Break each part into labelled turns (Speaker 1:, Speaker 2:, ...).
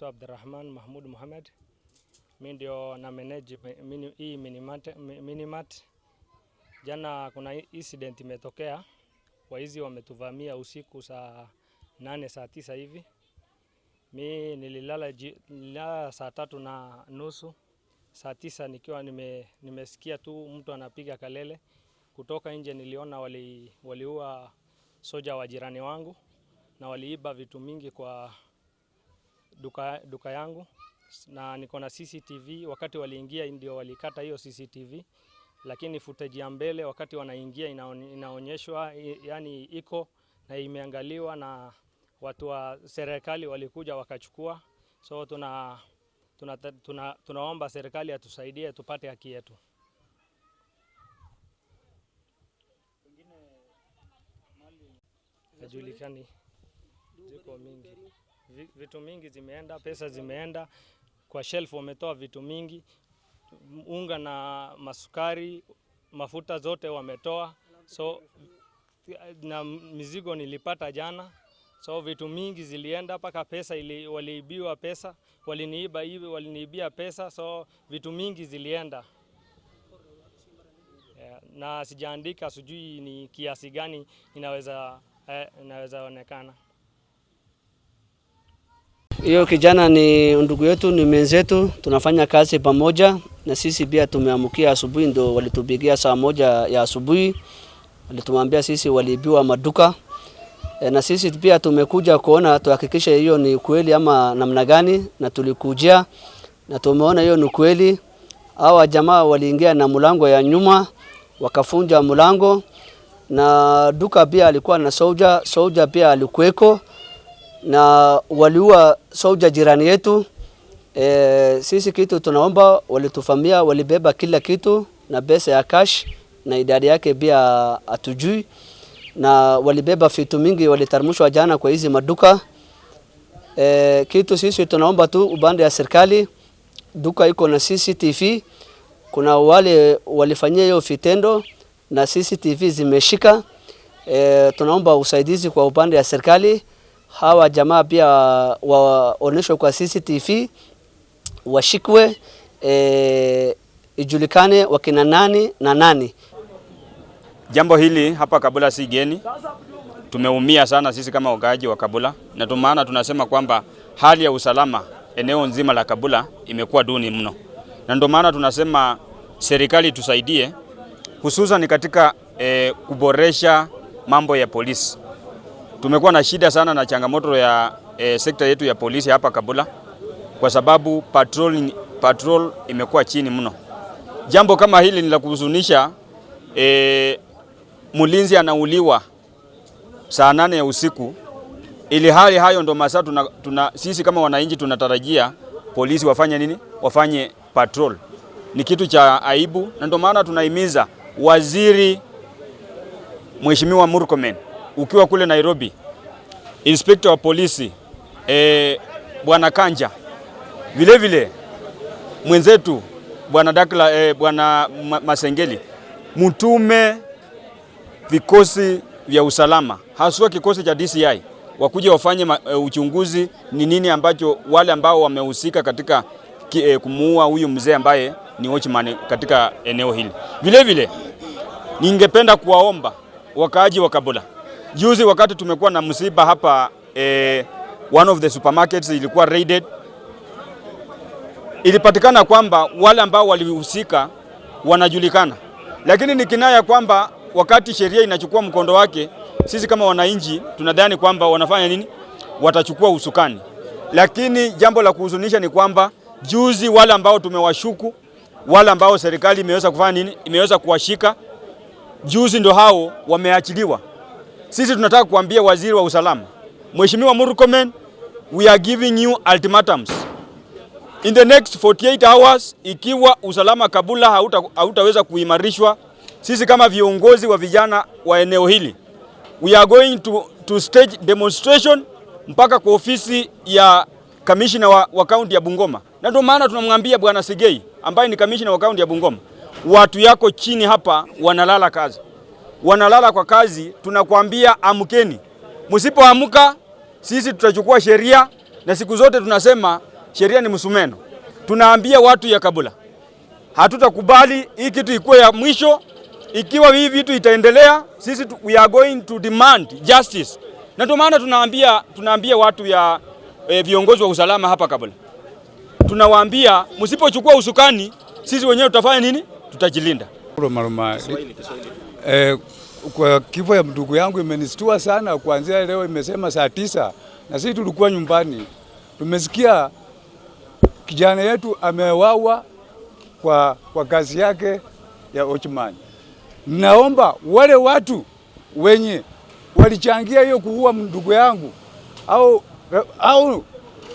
Speaker 1: naitwa Abdurrahman Mahmud Muhammad. Mi ndio na manage mini, hii minimart, minimart. Jana kuna incident imetokea, waizi wametuvamia usiku saa nane saa tisa hivi. Mi nililala, nililala saa tatu na nusu saa tisa nikiwa nime, nimesikia tu mtu anapiga kalele kutoka nje. Niliona wali, waliua soja wa jirani wangu na waliiba vitu mingi kwa duka, duka yangu na niko na CCTV. Wakati waliingia ndio walikata hiyo CCTV, lakini footage ya mbele wakati wanaingia inaonyeshwa, yani iko na imeangaliwa na watu wa serikali walikuja wakachukua. So tuna, tuna, tuna, tuna, tunaomba serikali atusaidie tupate haki yetu. Hajulikani, ziko mingi vitu mingi zimeenda, pesa zimeenda kwa shelf, wametoa vitu mingi, unga na masukari, mafuta zote wametoa, so na mizigo nilipata jana, so vitu mingi zilienda mpaka pesa ili, waliibiwa pesa, waliniiba hivi, waliniibia pesa, so vitu mingi zilienda na sijaandika, sijui ni kiasi gani inaweza eh, inaweza onekana.
Speaker 2: Hiyo kijana ni ndugu yetu, ni mwenzetu, tunafanya kazi pamoja na sisi pia. Tumeamkia asubuhi, ndo walitupigia saa moja ya asubuhi, walitumwambia sisi waliibiwa maduka e, na sisi pia tumekuja kuona tuhakikishe hiyo ni kweli ama namna gani, na tulikujia na tumeona hiyo ni kweli. Hawa jamaa waliingia na mlango ya nyuma wakafunja mlango, na duka pia alikuwa na soja, soja pia alikuweko na waliua soja jirani yetu. E, sisi kitu tunaomba, walitufamia, walibeba kila kitu na pesa ya cash na idadi yake pia hatujui, na walibeba vitu mingi, walitarmushwa jana kwa hizi maduka e, kitu sisi tunaomba tu upande ya serikali, duka iko na CCTV, kuna wale walifanyia hiyo vitendo na CCTV zimeshika. E, tunaomba usaidizi kwa upande ya serikali hawa jamaa pia waonyeshwe kwa CCTV, washikwe e, ijulikane wakina nani na nani.
Speaker 3: Jambo hili hapa Kabula si geni, tumeumia sana sisi kama wakaaji wa Kabula, na ndio maana tunasema kwamba hali ya usalama eneo nzima la Kabula imekuwa duni mno, na ndio maana tunasema serikali tusaidie, hususan katika e, kuboresha mambo ya polisi. Tumekuwa na shida sana na changamoto ya e, sekta yetu ya polisi hapa Kabula kwa sababu patrol, patrol imekuwa chini mno. Jambo kama hili ni la kuhuzunisha. E, mlinzi anauliwa saa nane ya usiku, ili hali hayo ndo masaa tuna, tuna, sisi kama wananchi tunatarajia polisi wafanye nini? Wafanye patrol. Ni kitu cha aibu, na ndio maana tunahimiza waziri Mheshimiwa Murkomen ukiwa kule Nairobi, inspector wa polisi e, bwana Kanja, vile vile mwenzetu bwana Dakla e, bwana Masengeli, mtume vikosi vya usalama haswa kikosi cha DCI wakuje wafanye e, uchunguzi ni nini ambacho wale ambao wamehusika katika e, kumuua huyu mzee ambaye ni watchman katika eneo hili. Vile vile ningependa kuwaomba wakaaji wa Juzi wakati tumekuwa na msiba hapa eh, one of the supermarkets ilikuwa raided. Ilipatikana kwamba wale ambao walihusika wanajulikana, lakini ni kinaya kwamba wakati sheria inachukua mkondo wake, sisi kama wananchi tunadhani kwamba wanafanya nini, watachukua usukani. Lakini jambo la kuhuzunisha ni kwamba juzi wale ambao tumewashuku, wale ambao serikali imeweza kufanya nini, imeweza kuwashika juzi, ndo hao wameachiliwa. Sisi tunataka kuambia waziri wa usalama, Mheshimiwa Murkomen, we are giving you ultimatums in the next 48 hours. Ikiwa usalama Kabula hauta, hautaweza kuimarishwa, sisi kama viongozi wa vijana wa eneo hili we are going to, to stage demonstration mpaka kwa ofisi ya kamishina wa kaunti ya Bungoma, na ndio maana tunamwambia Bwana Sigei ambaye ni kamishina wa kaunti ya Bungoma, watu yako chini hapa wanalala kazi wanalala kwa kazi, tunakuambia amkeni. Msipoamka sisi tutachukua sheria, na siku zote tunasema sheria ni msumeno. Tunaambia watu ya kabula, hatutakubali hii kitu ikuwe ya mwisho. Ikiwa hii vitu itaendelea, sisi we are going to demand justice, na ndio maana tunaambia, tunaambia watu ya e, viongozi wa usalama hapa kabula, tunawaambia msipochukua usukani, sisi wenyewe tutafanya nini? Tutajilinda.
Speaker 4: Eh, kwa kifo ya mdugu yangu imenistua sana. Kuanzia leo imesema saa tisa na sisi tulikuwa nyumbani, tumesikia kijana yetu amewawa kwa, kwa kazi yake ya Ochman. Naomba wale watu wenye walichangia hiyo kuua mdugu yangu au, au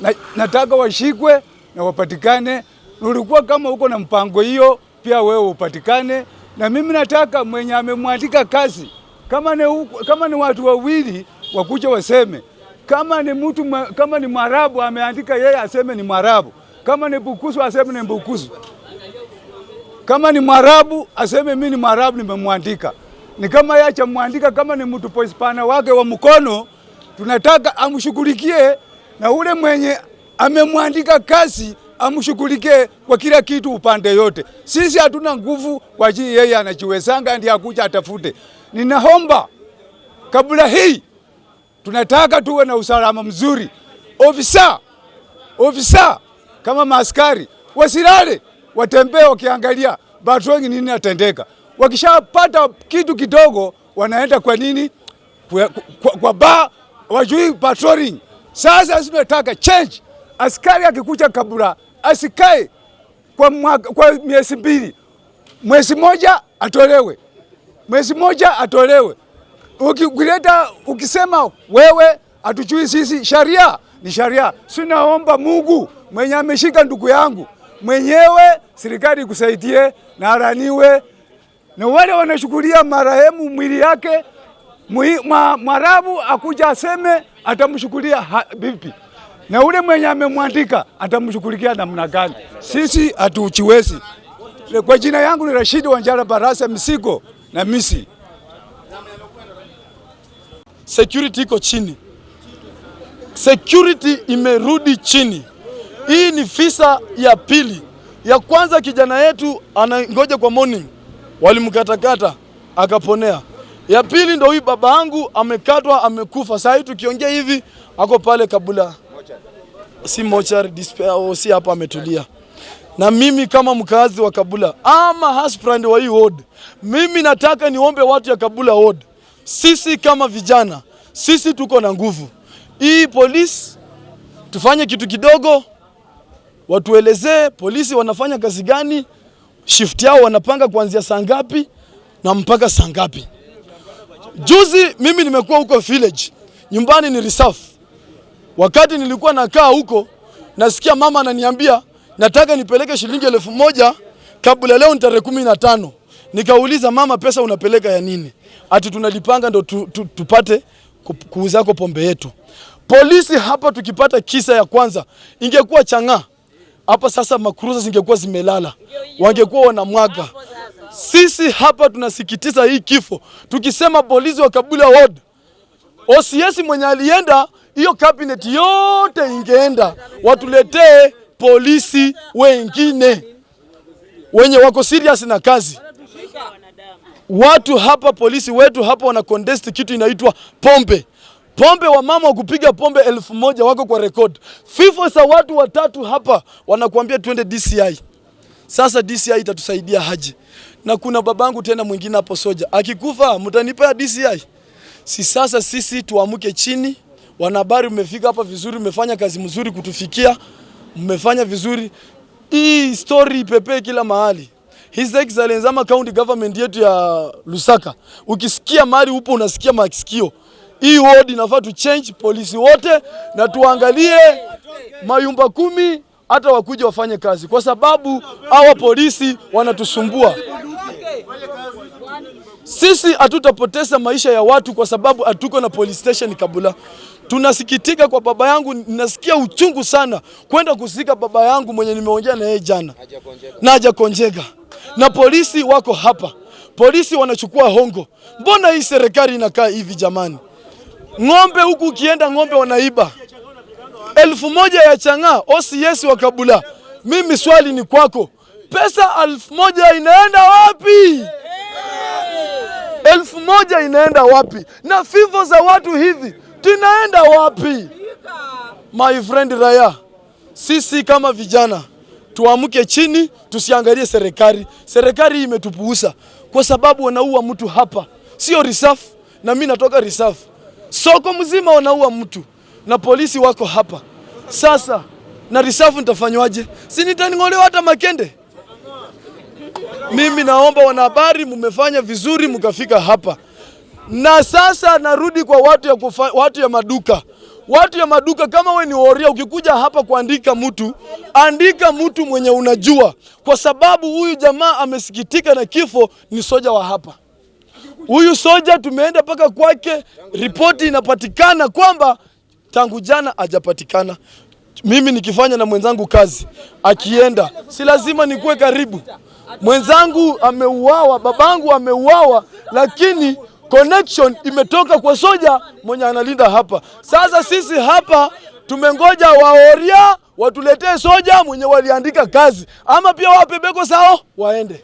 Speaker 4: na, nataka washikwe na wapatikane. Ulikuwa kama uko na mpango hiyo, pia wewe upatikane na mimi nataka mwenye amemwandika kazi, kama ni, kama ni watu wawili wakuja waseme, kama ni mtu kama ni Mwarabu ameandika yeye aseme ni Mwarabu, kama ni Bukusu aseme ni Bukusu, kama ni Mwarabu aseme mimi ni Mwarabu nimemwandika. Ni kama yeye achamwandika kama ni mtu poispana wake wa mkono, tunataka amshughulikie na ule mwenye amemwandika kazi amshughulikie kwa kila kitu upande yote. Sisi hatuna nguvu, kwa ajili yeye anajiwezanga ndiye akuja atafute. Ninaomba kabla hii, tunataka tuwe na usalama mzuri. Ofisa ofisa kama maaskari wasilale, watembee wakiangalia batroni nini atendeka. Wakishapata kitu kidogo, wanaenda kwa nini kwa, kwa, kwa ba wajui patrolling. Sasa tunataka change, askari akikuja kabla asikae kwa, kwa miezi mbili, mwezi moja atolewe, mwezi moja atolewe. Ukileta ukisema wewe atujui sisi, sharia ni sharia. Sinaomba Mungu mwenye ameshika ndugu yangu mwenyewe, serikali ikusaidie na araniwe, na wale wanashughulia marehemu mwili yake Mwarabu akuja aseme atamshughulia vipi na ule mwenye amemwandika atamshughulikia namna gani? Sisi hatuchiwezi. Kwa jina yangu ni Rashidi Wanjala Barasa Misigo na Misi. Security iko chini, security imerudi chini. Hii ni visa ya pili. Ya kwanza kijana yetu anangoja kwa morning, walimkatakata akaponea. Ya pili ndio huyu baba yangu amekatwa, amekufa. Sasa hivi tukiongea hivi, ako pale Kabula si mochari despair au oh, si hapa ametulia. Na mimi kama mkazi wa Kabula ama husband wa hii ward, mimi nataka niombe watu ya Kabula ward, sisi kama vijana, sisi tuko na nguvu hii polisi, tufanye kitu kidogo, watuelezee polisi wanafanya kazi gani, shift yao wanapanga kuanzia saa ngapi na mpaka saa ngapi. Juzi mimi nimekuwa huko village, nyumbani ni reserve Wakati nilikuwa nakaa huko, nasikia mama ananiambia nataka nipeleke shilingi elfu moja kabla leo ni tarehe kumi na tano. Nikauliza mama, pesa unapeleka ya nini? Ati tunalipanga ndo tu, tu, tupate kuuzako pombe yetu. Polisi hapa tukipata kisa ya kwanza ingekuwa chang'aa hapa sasa, makruza zingekuwa zimelala, wangekuwa wanamwaga. Sisi hapa tunasikitiza hii kifo, tukisema polisi wa Kabula Ward OCS mwenye alienda hiyo cabinet yote ingeenda, watuletee polisi wengine wenye wako serious na kazi. Watu hapa polisi wetu hapa wana contest kitu inaitwa pombe pombe. wa wa kupiga pombe elfu moja wako kwa record. fifo za watu watatu hapa, wanakuambia twende DCI. Sasa DCI itatusaidia haji Na kuna babangu tena mwingine hapo soja, akikufa mtanipea DCI? Si sasa sisi tuamuke chini Wanahabari, mmefika hapa vizuri, mmefanya kazi mzuri kutufikia, mmefanya vizuri. Hii story pepe kila mahali. His Excellency ama county government yetu ya Lusaka, ukisikia mali upo unasikia masikio. Hii ward inafaa tu change polisi wote na tuangalie mayumba kumi hata wakuja wafanye kazi, kwa sababu hawa polisi wanatusumbua sisi. Hatutapoteza maisha ya watu kwa sababu hatuko na police station Kabula tunasikitika kwa baba yangu, ninasikia uchungu sana kwenda kusika baba yangu mwenye nimeongea na yeye jana na hajakonjeka, na polisi wako hapa, polisi wanachukua hongo. Mbona hii serikali inakaa hivi jamani? Ng'ombe huku ukienda ng'ombe wanaiba elfu moja ya chang'aa OCS wa Kabula. Mimi swali ni kwako, pesa elfu moja inaenda wapi? Elfu moja inaenda wapi? na fivo za watu hivi Tunaenda wapi? My friend Raya, sisi kama vijana tuamke chini, tusiangalie serikali. Serikali imetupuuza kwa sababu wanaua mtu hapa, sio risaf, na mimi natoka risaf, Soko mzima wanaua mtu na polisi wako hapa. Sasa na risaf nitafanywaje? Si nitaning'olewa hata makende? Mimi naomba wanahabari, mumefanya vizuri mkafika hapa. Na sasa narudi kwa watu ya, kufa, watu ya maduka watu ya maduka, kama we ni horia, ukikuja hapa kuandika mtu, andika mtu mwenye unajua, kwa sababu huyu jamaa amesikitika na kifo, ni soja wa hapa. Huyu soja tumeenda mpaka kwake, ripoti inapatikana kwamba tangu jana hajapatikana. Mimi nikifanya na mwenzangu kazi, akienda si lazima nikuwe karibu. Mwenzangu ameuawa, babangu ameuawa, lakini connection imetoka kwa soja mwenye analinda hapa. Sasa sisi hapa tumengoja waoria watuletee soja mwenye waliandika kazi, ama pia wapebeko sao waende.